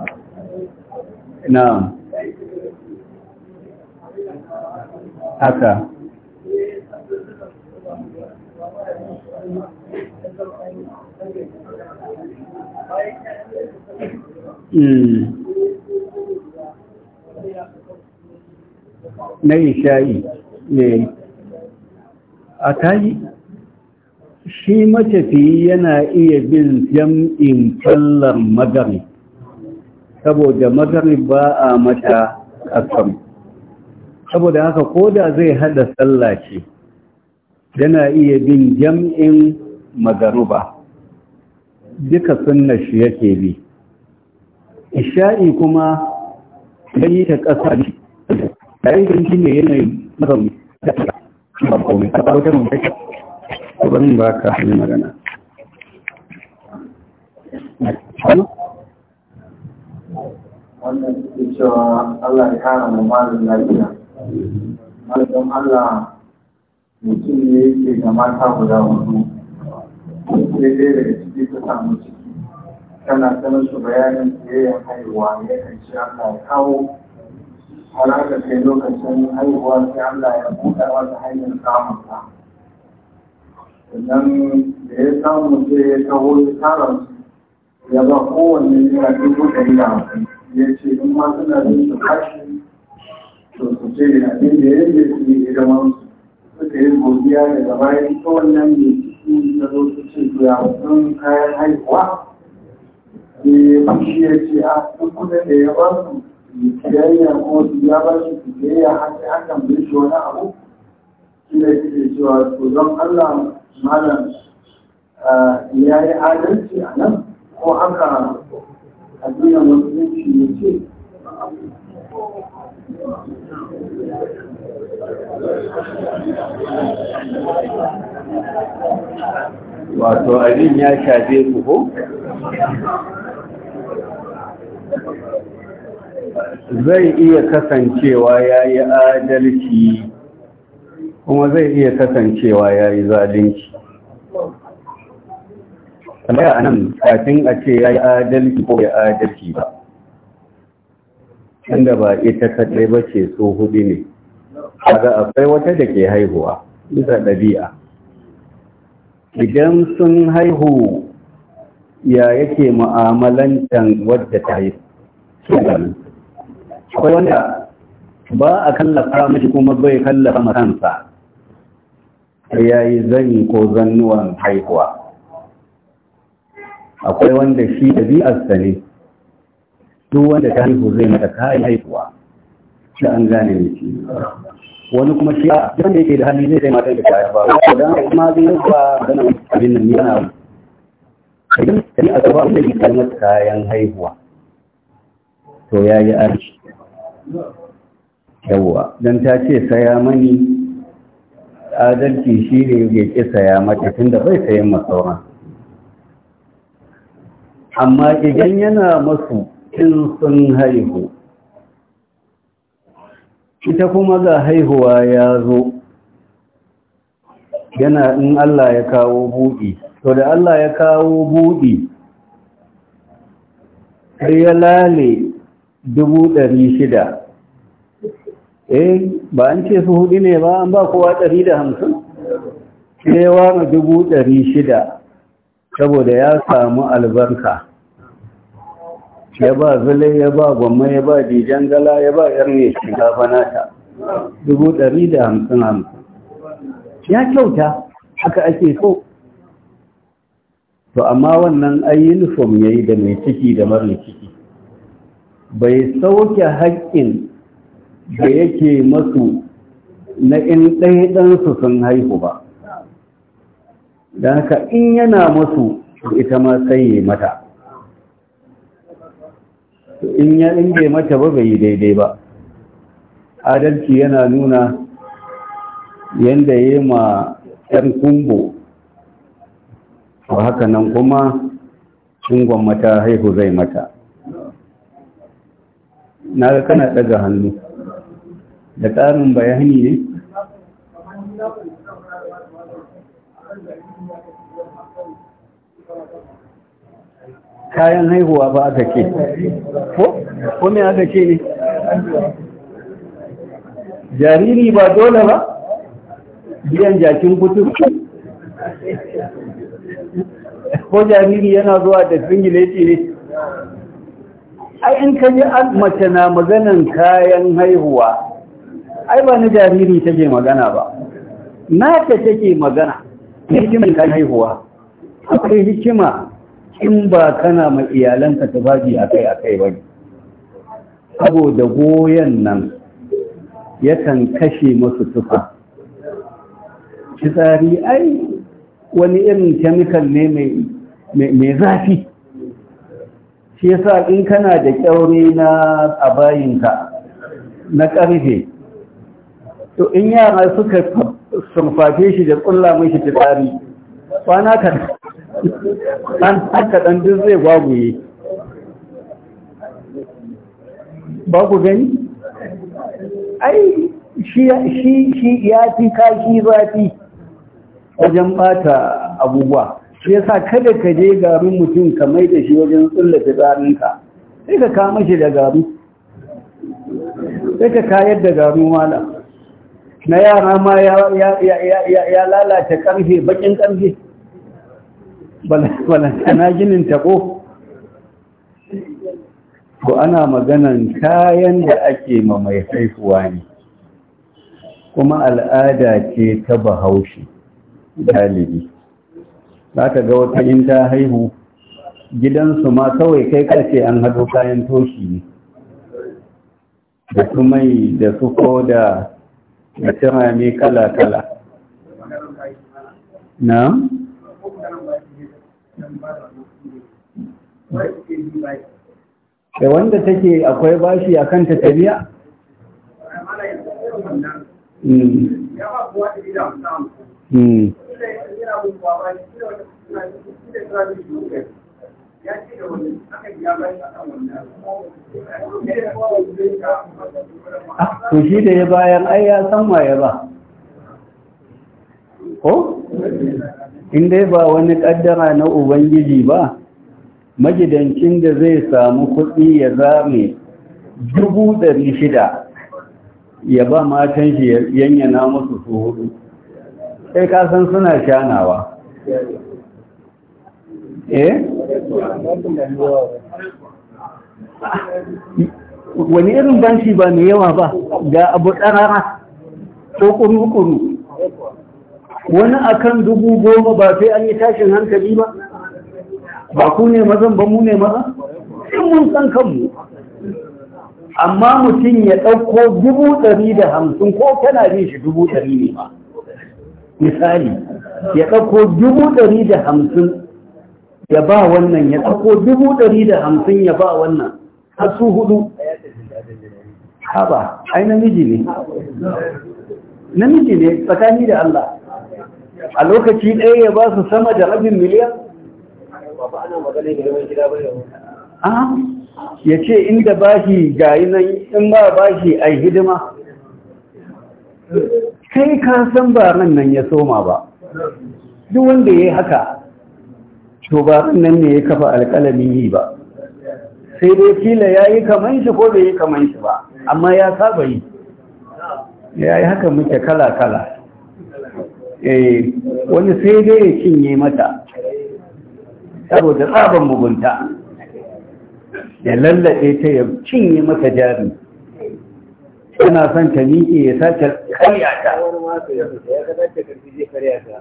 na'am haka hmm. na isha'i ne a tayi shi matafiyi yana iya bin jam'in kallar magari saboda magarib ba a mata kasam saboda haka ko da zai hada sallah ce yana iya bin jam'in magaruba duka sunna shi yake bi isha'i kuma yi ta ƙasa ne yayin da shi ne yanayin mazauni da ba komai a ɗaukar mun kai ba ka hannun magana wannan suke cewa Allah ya kara mu malin lafiya malamin Allah mutum ne yake ga mata guda hudu sai dai daga ciki ta samu ciki tana ta musu bayanin tsayayyen haihuwa ya kan ci Allah ya kawo har aka kai lokacin haihuwa sai Allah ya buɗa wata hanyar samun ta sannan da ya samu sai ya kawo ya tara ya ba kowanne naira dubu ɗari da hamsin ya ce in ma suna da su kashi to su ce da abin da ya yi su ne da man suka yi godiya daga bayan ta wannan mai su ta zo su ce to ya sun kayan haihuwa ne eh, shi ya ce a duk kudin da ya ba su biyayya ko su ya ba su biyayya har sai an tambaye shi wani abu shi ne ke cewa to don Allah malam eh, ya yi adalci a nan ko haka wato abin ya shafe ku ko? zai iya kasancewa ya yi adalci kuma zai iya kasancewa ya yi zalunci kamar a nan kafin a ce ya yi adalci ko ya adalci ba inda ba ita kaɗai ba ce so hudu ne kaga akwai wata da ke haihuwa bisa ɗabi'a idan sun haihu ya yake mu'amalantan wadda ta yi akwai wanda ba a kallafa mashi kuma bai kallafa matansa ya yi zani ko zannuwan haihuwa akwai wanda shi ɗabi'arsa ne duk wanda ta haihu zai mata kayan haihuwa shi an gane ne shi wani kuma shi a wanda yake da hannu, zai zai mata da kayan ba ko dan kuma zai yi ba dan abin nan yana idan kai a gaba wanda yake kalmar kayan haihuwa to ya yi arshi yawwa don ta ce saya mani adalci shi ne ya ƙi saya mata tunda bai sayan masauran amma idan yana masu in sun haihu ita kuma ga haihuwa ya zo yana in Allah ya kawo buɗi to da Allah ya kawo buɗi sai ya lale dubu ɗari shida eh ba an ce su hudu ne ba an ba kowa ɗari da hamsin cewa ya dubu ɗari shida saboda ya samu albarka ya ba zule ya ba gwamma ya ba dijan gala ya ba yar mai shinkafa nata dubu ɗari da hamsin hamsin ya kyauta haka ake so to amma wannan ai uniform ya yi da mai ciki da marar ciki bai sauke haƙƙin da yake masu na in ɗaya ɗansu sun haihu ba da haka in yana masu ita ma sai yi mata in ya inge mata ba bai daidai ba adalci yana nuna yadda ya ma 'yan kumbo ba haka nan kuma shingon mata haihu zai mata na ga kana ɗaga hannu da ƙarin bayani ne kayan haihuwa ba aka ke ko kome aka ke ne jariri ba dole ba biyan jakin kutu ko jariri yana zuwa da singileti ne ai in ka ji mace na maganan kayan haihuwa ai ba na jariri take magana ba Na ta take magana hikimin kayan haihuwa akwai hikima in ba kana mai iyalanka tufafi a kai ba saboda goyon nan yakan kashe masu tufa fitsari ai wani irin kemikal ne mai zafi shi yasa in kana da kyaure na a bayinka na karfe to in yara suka sunfafe shi da kulla shi fitsari kwana kan ɗan haka ɗan duk zai gwaguye ba ku gani? ai shi ya fi kashi zafi wajen bata abubuwa shi yasa kada ka je garin mutum ka mai da shi wajen tsullafe tsarinka sai ka kama shi da garu sai ka kayar da garu mala na yara ma ya lalata karfe bakin karfe balantana ginin tako ko ana maganan kayan da ake ma mai haihuwa ne kuma al'ada ce ta bahaushe galibi za ka ga wata yin ta haihu gidansu ma kawai kai kace an hado kayan toshi ne da su mai da su koda da turame kala-kala na? da wanda take akwai bashi a kanta tabiya? Ku hmm. hmm. shi da ya bayan ai ya san waye ba. Ko? Inda ba wani ƙaddara na Ubangiji ba, magidancin da zai samu kuɗi ya zame dubu ɗari shida ya ba matan shi yanyana musu su hudu sai kasan suna shanawa eh wani irin banki ba mai yawa ba ga abu ɗarara ko kuru-kuru wani akan dubu goma ba sai an yi tashin hankali ba ba ku ne mazan ba mu ne maza in mun san kanmu amma mutum ya ɗauko dubu ɗari da hamsin ko kana bin shi dubu ɗari ne ma misali ya ɗauko dubu ɗari da hamsin ya ba wannan ya ɗauko dubu ɗari da hamsin ya ba wannan har su hudu haba ai namiji ne namiji ne tsakani da Allah a lokaci ɗaya ya ba su sama da rabin miliyan ya ce inda bashi gayi nan in ba bashi a hidima kai ka san ba ran nan ya soma ba duk wanda ya haka to ba nan ne ya kafa alƙalamin yi ba sai dai kila ya yi kaman shi ko bai yi kaman shi ba amma ya saba yi ya yi haka muke kala-kala eh, wani sai dai ya cinye mata saboda tsaban mugunta ya lallade ta ya cinye maka jari yana son ta miƙe ya sace karya ta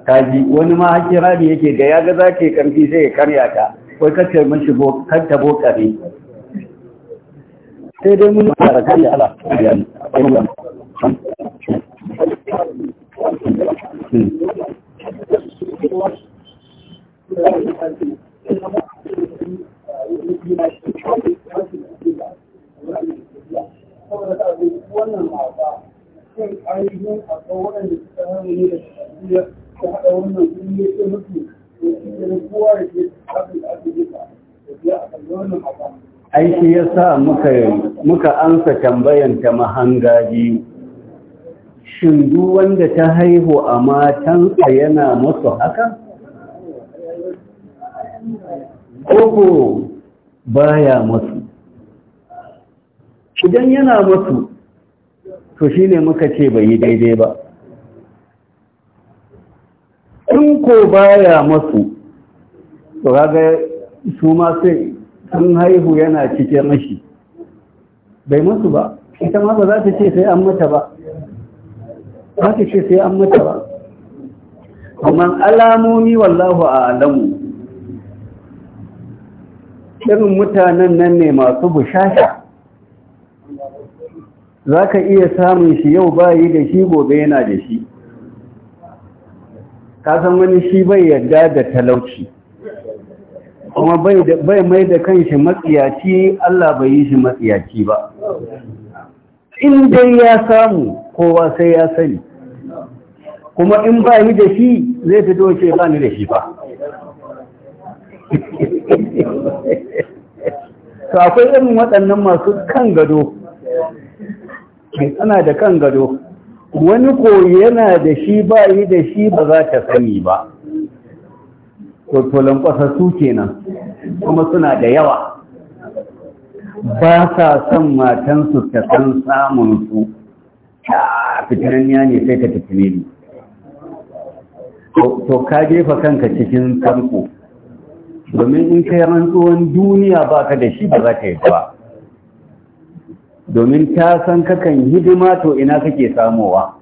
kaji wani ma haƙi rami yake da ya ga za ƙarfi sai ya karya ta wai kacce kan ta bokare sai dai mun fara kai ala Thank hmm. you. aiki ya sa muka ansa tambayan ta mahanga biyu shin duk wanda ta haihu a matansa yana musu haka? koko baya masu idan yana masu to shine muka ce bai yi daidai ba in ko baya masu to kaga su ma sai sun haihu yana cikin mashi bai masu ba ita ma ba za ta ce sai an mata ba za ta ce sai an mata ba kuma alamomi wallahu a alamu irin mutanen nan ne masu bushasha za ka iya samun shi yau bayi da shi gobe yana da shi kasan wani shi bai yadda da talauci kuma bai mai da kanshi matsiyaci Allah bai yi shi matsiyaci ba in dai ya samu kowa sai ya sani kuma in bayi da shi zai fito ce ba da shi ba to akwai irin waɗannan masu kan gado tsana da kan gado wani ko yana da shi ba yi da shi ba za ta sani ba kwatolan su kenan kuma suna da yawa ba sa son matansu ta san su. ta fitanen ya ne sai ta fitine ne to ka jefa kanka cikin tarko domin in kai rantsuwan duniya ba ka da shi ba za ka yi ba domin ta san kakan hidima to ina kake samowa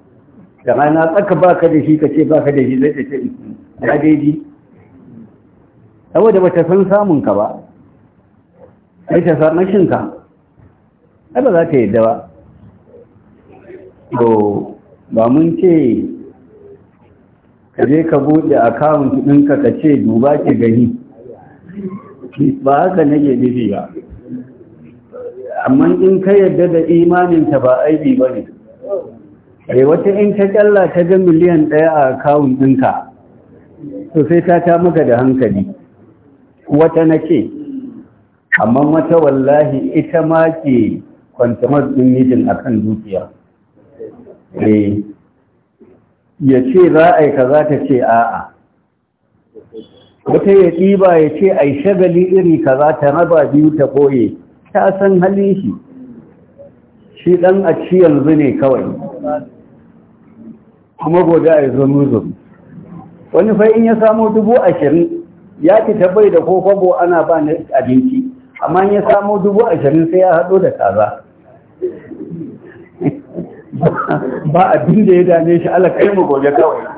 da rana tsaka ba ka da shi ka ce ba ka da shi zai ta ce ya daidi saboda ba ta san ka ba sai ta san rashinka ai ba za ta yadda ba to ba mun ce ka je ka buɗe akawunt ɗinka ka ce duba ki gani ba haka nake nufi ba amma in ka yarda da imaninta ba aibi ba ne ai eh, wata in ta kyalla ta ga miliyan ɗaya a akawun ɗinka to sai ta ta maka da hankali wata nake amma mata wallahi ita ma ke kwantamar ɗin mijin a kan dukiya eh, ya ce za a yi ka ta ce a'a wata ya ɗiba ya ce ai shagali iri kaza ta raba biyu ta koye ta san halin shi shi ɗan a ci yanzu ne kawai kuma gobe a yi zonu wani fa in ya samo dubu ashirin ya fita bai da ko ana ba na abinci amma in ya samo dubu ashirin sai ya haɗo da kaza ba abin da ya dame shi ala kai mu gobe kawai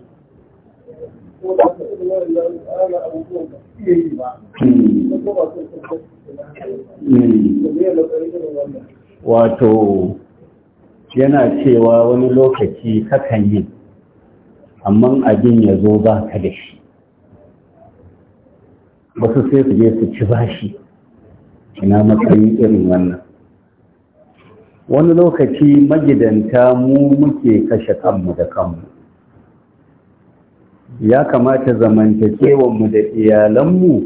wato yana cewa wani lokaci kakan yi amma abin ya zo ba ka da shi wasu sai su je su ci bashi ina matsayin irin wannan wani lokaci magidanta mu muke kashe kanmu da kanmu ya kamata zamantakewanmu da iyalanmu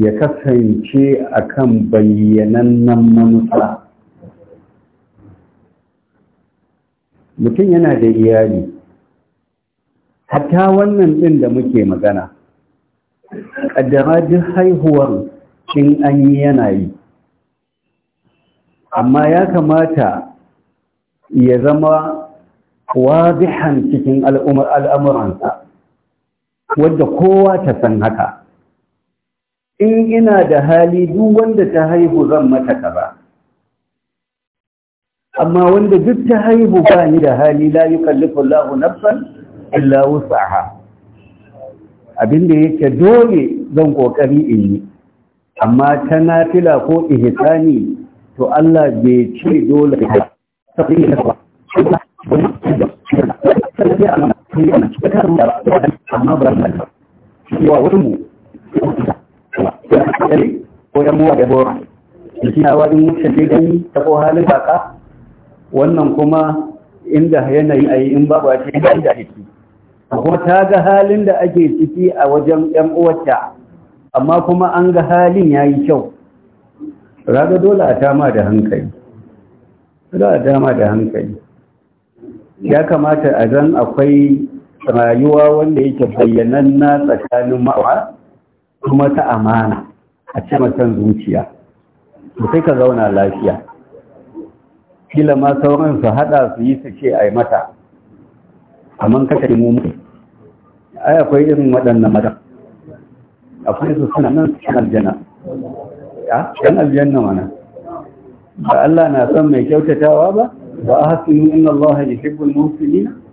ya kasance akan bayyanannen manufa mutum yana da iyali hatta wannan ɗin da muke magana ƙaddarajin haihuwar in an yi yana yi amma ya kamata ya zama wadihan cikin al'amuransa wadda kowa ta san haka in ina da hali duk wanda ta haihu zan mata kaza amma wanda duk ta haihu ba ni da hali la yukallifu Allahu nafsan illa wus'aha abinda yake dole zan ƙoƙari in yi amma ta nafila ko ihsani to Allah bai ce dole ba ta rubuta ba ko amma ba za ba. shi wa wurin mu ko yan muwa da bora shi na wajen wuce ne gani ta ko halin baka wannan kuma inda yanayi a yi in babu a cikin halin da ake kuma ta ga halin da ake ciki a wajen yan uwata amma kuma an ga halin ya yi kyau raga dole a tama da hankali dole a tama da hankali ya kamata a zan akwai rayuwa wanda yake bayyananna tsakanin ma'awa kuma ta amana a ce matan zuciya sai ka zauna lafiya kila ma sauran su hada su yi su ce yi mata amma kaka mu ai akwai irin waɗannan mata akwai su suna nan cikin aljanna ya cikin aljanna mana ba Allah na son mai kyautatawa ba ba a hasinu inna Allah yuhibbul muhsinin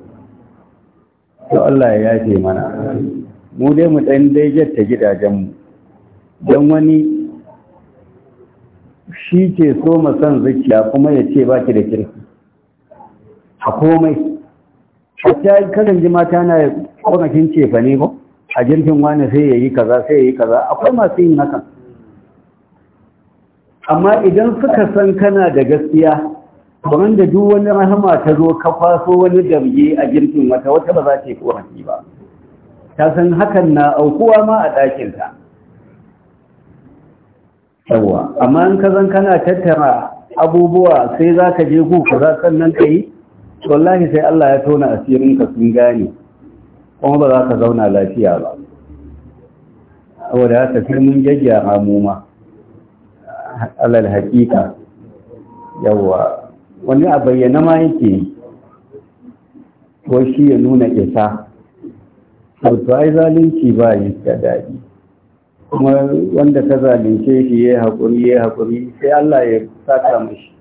to Allah ya yafe mana mu dai mu ɗan dai jatta gidajenmu don wani shi ke so san zuciya kuma ya ce ba ki da kirki a komai ta kasan ji mata na kwanakin cefa ne ko a jirgin wani sai ya yi kaza sai ya yi kaza akwai masu yin hakan amma idan suka san kana da gaskiya kamar da duk wani rahama ta zo ka kwaso wani garge a jirgin wata wata ba za ta yi korafi ba ta san hakan na aukuwa ma a ɗakinta Yawwa. amma in ka zan kana tattara abubuwa sai za ka je ku san nan ka yi wallahi sai Allah ya tona asirinka sun gane kuma ba za ka zauna lafiya ba saboda haka sai mun gyaggyara mu ma alal haƙiƙa Yawwa. wani a bayyana ma yake yi ko shi ya nuna isa to ai zalunci ba yi da daɗi kuma wanda ka zalunce shi ya haƙuri ya haƙuri sai Allah ya saka mashi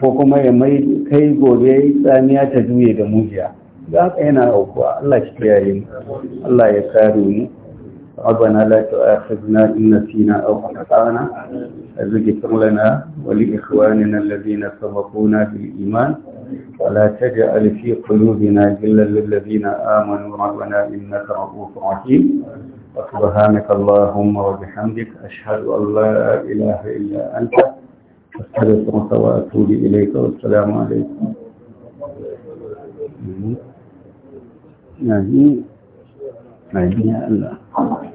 ko kuma ya mai kai gobe tsamiya ta juye da mujiya za ka yana aukuwa Allah shi kiyaye mu Allah ya kare mu ربنا لا تؤاخذنا إن نسينا أو اغفر لنا ولإخواننا الذين سبقونا بالإيمان ولا تجعل في قلوبنا إلا للذين آمنوا ربنا إنك رؤوف رحيم وسبحانك اللهم وبحمدك أشهد أن لا إله إلا أنت أستغفرك وأتوب إليك والسلام عليكم يعني يعني الله